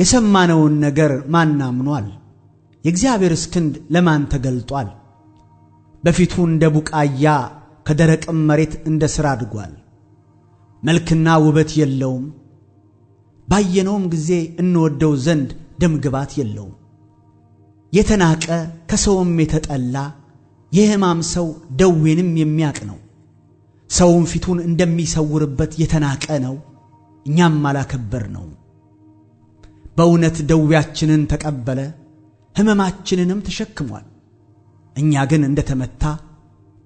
የሰማነውን ነገር ማን አምኗል? የእግዚአብሔርስ ክንድ ለማን ተገልጧል? በፊቱ እንደ ቡቃያ ከደረቅም መሬት እንደ ሥራ አድጓል። መልክና ውበት የለውም፣ ባየነውም ጊዜ እንወደው ዘንድ ደምግባት የለውም። የተናቀ ከሰውም የተጠላ የሕማም ሰው ደዌንም የሚያቅ ነው። ሰውም ፊቱን እንደሚሰውርበት የተናቀ ነው፣ እኛም አላከበር ነው። በእውነት ደዌያችንን ተቀበለ፣ ሕመማችንንም ተሸክሟል። እኛ ግን እንደ ተመታ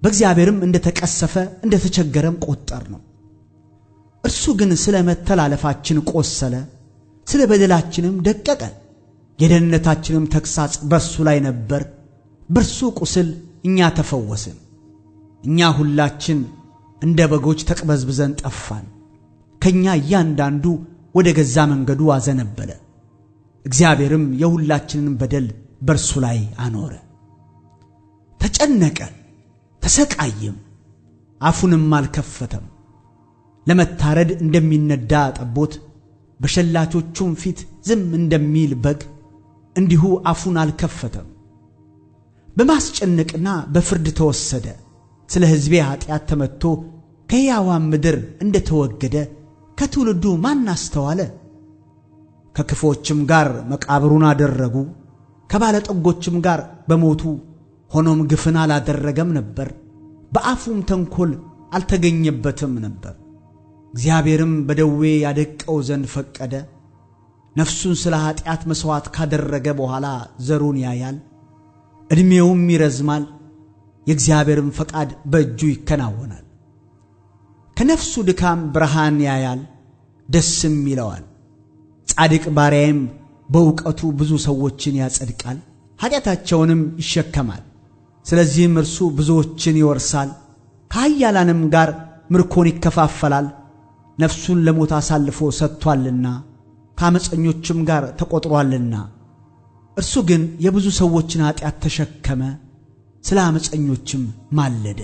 በእግዚአብሔርም እንደ ተቀሰፈ እንደ ተቸገረም ቆጠር ነው። እርሱ ግን ስለ መተላለፋችን ቆሰለ፣ ስለ በደላችንም ደቀቀ። የደህንነታችንም ተግሣጽ በእሱ ላይ ነበር፣ በእርሱ ቁስል እኛ ተፈወስን። እኛ ሁላችን እንደ በጎች ተቅበዝብዘን ጠፋን፣ ከእኛ እያንዳንዱ ወደ ገዛ መንገዱ አዘነበለ። እግዚአብሔርም የሁላችንን በደል በእርሱ ላይ አኖረ። ተጨነቀ፣ ተሰቃየም፣ አፉንም አልከፈተም። ለመታረድ እንደሚነዳ ጠቦት፣ በሸላቾቹም ፊት ዝም እንደሚል በግ እንዲሁ አፉን አልከፈተም። በማስጨነቅና በፍርድ ተወሰደ። ስለ ሕዝቤ ኃጢአት ተመትቶ ከሕያዋን ምድር እንደተወገደ ከትውልዱ ማን አስተዋለ? ከክፎችም ጋር መቃብሩን አደረጉ፣ ከባለጠጎችም ጋር በሞቱ። ሆኖም ግፍን አላደረገም ነበር፣ በአፉም ተንኮል አልተገኘበትም ነበር። እግዚአብሔርም በደዌ ያደቀው ዘንድ ፈቀደ። ነፍሱን ስለ ኀጢአት መሥዋዕት ካደረገ በኋላ ዘሩን ያያል፣ ዕድሜውም ይረዝማል፣ የእግዚአብሔርም ፈቃድ በእጁ ይከናወናል። ከነፍሱ ድካም ብርሃን ያያል፣ ደስም ይለዋል። ጻድቅ ባሪያዬም በእውቀቱ ብዙ ሰዎችን ያጸድቃል፣ ኃጢአታቸውንም ይሸከማል። ስለዚህም እርሱ ብዙዎችን ይወርሳል፣ ከኃያላንም ጋር ምርኮን ይከፋፈላል። ነፍሱን ለሞት አሳልፎ ሰጥቷልና ከአመፀኞችም ጋር ተቆጥሯልና እርሱ ግን የብዙ ሰዎችን ኃጢአት ተሸከመ፣ ስለ አመፀኞችም ማለደ።